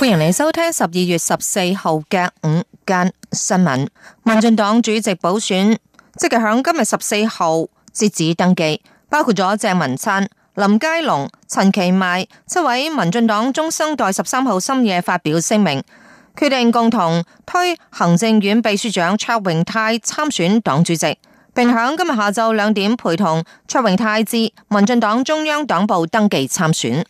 歡迎你收聽十二月十四號嘅午間新聞。民進黨主席補選即將響今日十四號截止登記，包括咗鄭文燦、林佳龍、陳其邁七位民進黨中生代，十三號深夜發表聲明，決定共同推行政院秘書長卓榮泰參選黨主席，並響今日下晝兩點陪同卓榮泰至民進黨中央黨部登記參選。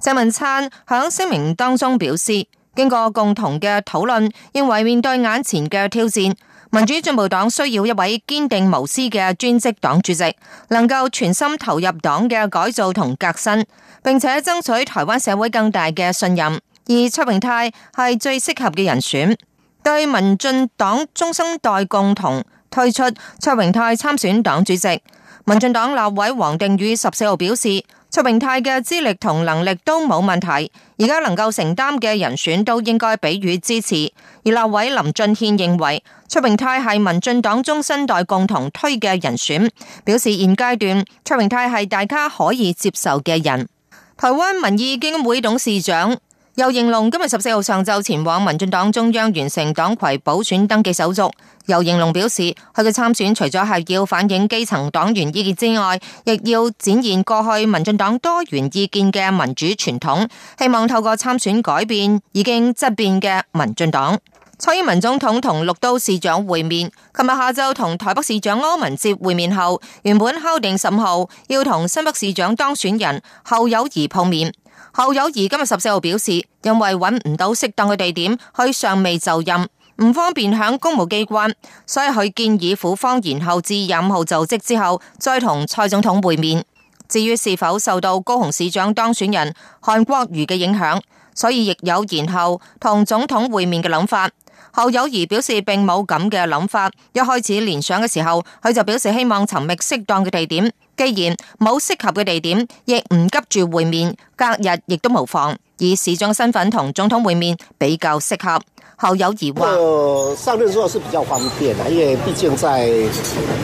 鄭文燦響聲明當中表示，經過共同嘅討論，認為面對眼前嘅挑戰，民主進步黨需要一位堅定無私嘅專職黨主席，能夠全心投入黨嘅改造同革新，並且爭取台灣社會更大嘅信任。而卓榮泰係最適合嘅人選。對民進黨中生代共同推出卓榮泰參選黨主席，民進黨立委黃定宇十四號表示。卓榮泰嘅資歷同能力都冇問題，而家能夠承擔嘅人選都應該給予支持。而立委林俊憲認為卓榮泰係民進黨中生代共同推嘅人選，表示現階段卓榮泰係大家可以接受嘅人。台灣民意基金會董事長。尤盈隆今日十四號上晝前往民進黨中央完成黨魁補選登記手續。尤盈隆表示，佢嘅參選除咗係要反映基層黨員意見之外，亦要展現過去民進黨多元意見嘅民主傳統，希望透過參選改變已經質變嘅民進黨。蔡英文總統同六都市長會面，琴日下晝同台北市長柯文哲會面後，原本敲定十五號要同新北市長當選人侯友宜碰面。侯友宜今日十四號表示，因為揾唔到適當嘅地點，佢尚未就任，唔方便響公務機關，所以佢建議府方延後至廿五號就職之後再同蔡總統會面。至於是否受到高雄市長當選人韓國瑜嘅影響，所以亦有延後同總統會面嘅諗法。侯友宜表示並冇咁嘅諗法，一開始聯想嘅時候，佢就表示希望尋覓適當嘅地點。既然冇適合嘅地點，亦唔急住會面，隔日亦都無妨。以市長身份同總統會面比較適合，後有意味。上任之後是比較方便啦，因為畢竟在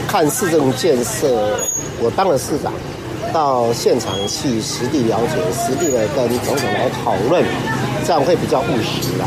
看市政建設，我當了市長，到現場去實地了解，實地的跟總統來討論，這樣會比較務實啦。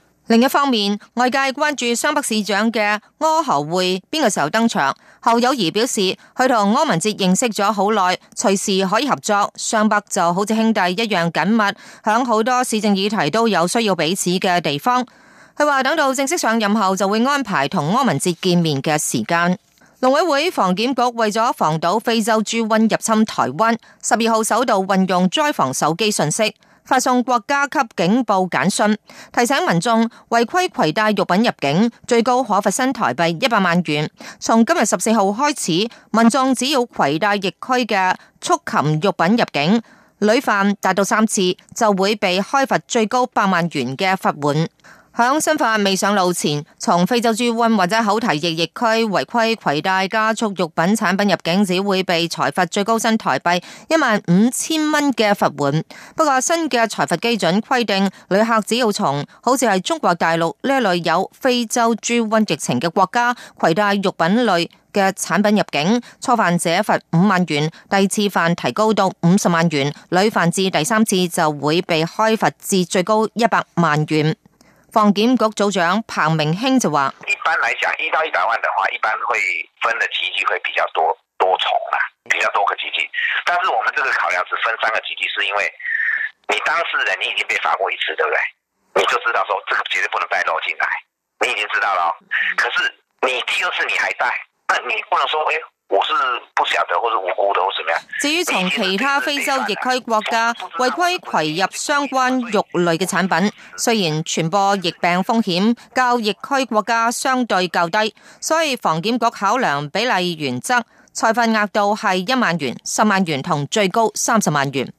另一方面，外界關注雙北市長嘅柯侯會邊個時候登場？侯友宜表示，佢同柯文哲認識咗好耐，隨時可以合作。雙北就好似兄弟一樣緊密，響好多市政議題都有需要彼此嘅地方。佢話等到正式上任後，就會安排同柯文哲見面嘅時間。農委會防檢局為咗防堵非洲豬瘟入侵台灣，十二號首度運用災防手機信息。發送國家級警報簡訊，提醒民眾違規攜帶肉品入境，最高可罰新台幣一百萬元。從今日十四號開始，民眾只要攜帶疫區嘅畜禽肉品入境，累犯達到三次，就會被開罰最高百萬元嘅罰款。響新法未上路前，從非洲豬瘟或者口蹄疫疫區違規攜帶加速肉品產品入境，只會被財罰最高新台幣一萬五千蚊嘅罰款。不過新嘅財罰基準規定，旅客只要從好似係中國大陸呢一類有非洲豬瘟疫情嘅國家攜帶肉品類嘅產品入境，初犯者罰五萬元，第二次犯提高到五十萬元，累犯至第三次就會被開罰至最高一百萬元。防檢局組長彭明興就話：，一般來講，一到一百萬的話，一般會分的基金會比較多多重啦、啊，比較多個基金。但是我們這個考量是分三個基金，是因為你當事人你已經被罰過一次，對不對？你就知道說，這個絕對不能再漏進來，你已經知道了。可是你第二次你還帶，那你不能說誒。哎我是不曉得，或是無辜的，或怎麼樣。至於從其他非洲疫區國家違規攜入相關肉類嘅產品，雖然傳播疫病風險較疫區國家相對較低，所以防檢局考量比例原則，裁罰額度係一萬元、十萬元同最高三十萬元。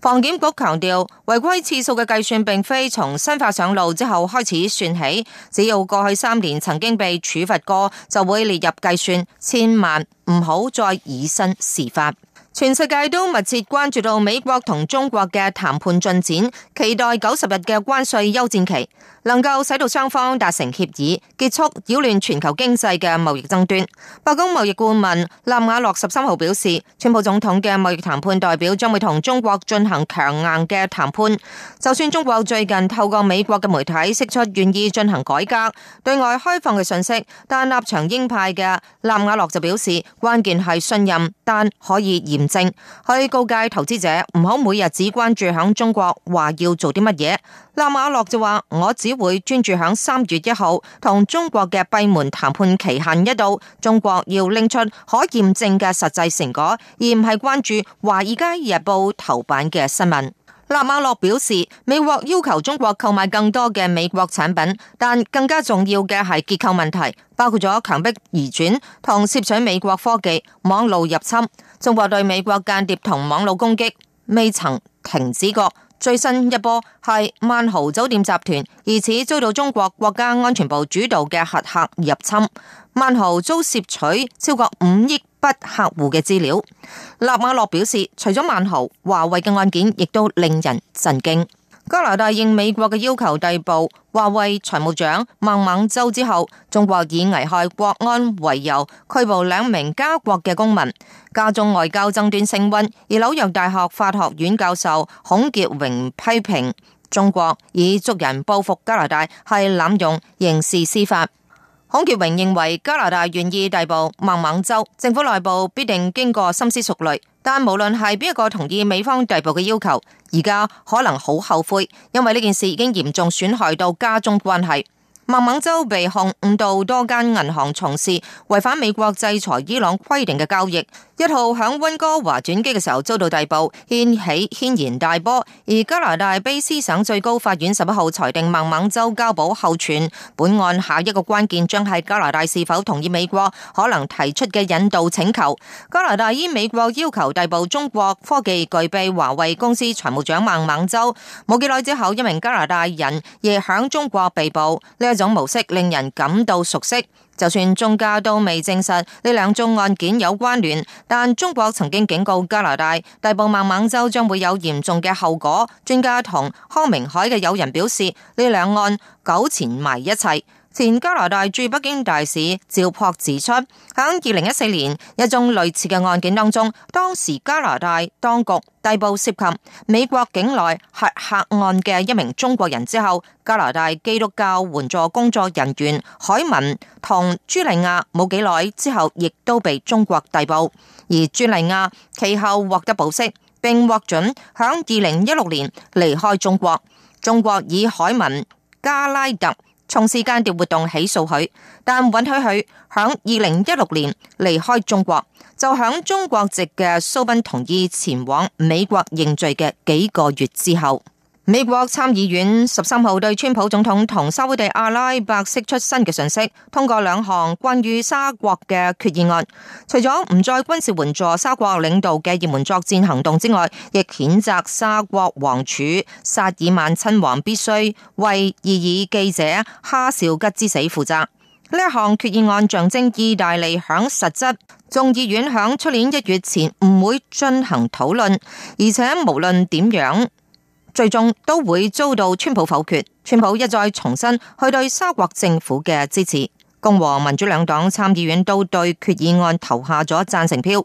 防檢局強調，違規次數嘅計算並非從新法上路之後開始算起，只要過去三年曾經被處罰過，就會列入計算，千萬唔好再以身試法。全世界都密切關注到美國同中國嘅談判進展，期待九十日嘅關稅休戰期能夠使到雙方達成協議，結束擾亂全球經濟嘅貿易爭端。白宮貿易顧問納瓦洛十三號表示，川普總統嘅貿易談判代表將會同中國進行強硬嘅談判。就算中國最近透過美國嘅媒體釋出願意進行改革、對外開放嘅信息，但立場鷹派嘅納瓦洛就表示，關鍵係信任，但可以嚴。正去告誡投資者唔好每日只關注響中國話要做啲乜嘢。納瓦洛就話：我只會專注響三月一號同中國嘅閉門談判期限一到，中國要拎出可驗證嘅實際成果，而唔係關注華爾街日報頭版嘅新聞。納瓦洛表示，美國要求中國購買更多嘅美國產品，但更加重要嘅係結構問題，包括咗強迫移轉同竊取美國科技、網路入侵。中國對美國間諜同網路攻擊未曾停止過。最新一波係萬豪酒店集團疑似遭到中國國家安全部主導嘅黑客入侵，萬豪遭竊取超過五億筆客戶嘅資料。納瓦洛表示，除咗萬豪，華為嘅案件亦都令人震驚。加拿大應美國嘅要求逮捕華為財務長孟晚舟之後，中國以危害國安為由拘捕兩名加國嘅公民，加中外交爭端升溫。而紐約大學法學院教授孔傑榮批評，中國以捉人報復加拿大係濫用刑事司法。孔傑榮認為加拿大願意逮捕孟晚舟，政府內部必定經過深思熟慮。但無論係邊一個同意美方逮捕嘅要求，而家可能好後悔，因為呢件事已經嚴重損害到加中關係。孟晚舟被控誤導多間銀行從事違反美國制裁伊朗規定嘅交易，一號響温哥華轉機嘅時候遭到逮捕，掀起軒然大波。而加拿大卑斯省最高法院十一號裁定孟晚舟交保候傳，本案下一個關鍵將係加拿大是否同意美國可能提出嘅引渡請求。加拿大依美國要求逮捕中國科技巨擘華為公司財務長孟晚舟，冇幾耐之後一名加拿大人亦響中國被捕。這種模式令人感到熟悉，就算專家都未證實呢兩宗案件有關聯，但中國曾經警告加拿大，逮捕孟晚舟將會有嚴重嘅後果。專家同康明凱嘅友人表示，呢兩案糾纏埋一齊。前加拿大駐北京大使趙樸指出，響二零一四年一宗類似嘅案件當中，當時加拿大當局逮捕涉及美國境內核客案嘅一名中國人之後，加拿大基督教援助工作人員海文同朱莉亞冇幾耐之後，亦都被中國逮捕，而朱莉亞其後獲得保釋，並獲准響二零一六年離開中國。中國以海文加拉特。從事間諜活動起訴佢，但允許佢響二零一六年離開中國，就響中國籍嘅蘇斌同意前往美國認罪嘅幾個月之後。美國參議院十三號對川普總統同沙烏地阿拉伯釋出新嘅訊息，通過兩項關於沙國嘅決議案。除咗唔再軍事援助沙國領導嘅熱門作戰行動之外，亦譴責沙國王儲薩爾曼親王必須為異議記者哈少吉之死負責。呢一項決議案象徵意大利響實質，眾議院響出年一月前唔會進行討論，而且無論點樣。最終都會遭到川普否決。川普一再重申佢對沙國政府嘅支持。共和、民主兩黨參議院都對決議案投下咗贊成票，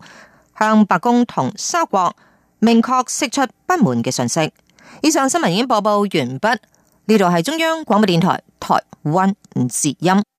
向白宮同沙國明確釋出不滿嘅訊息。以上新聞已經播報完畢。呢度係中央廣播電台台灣之音。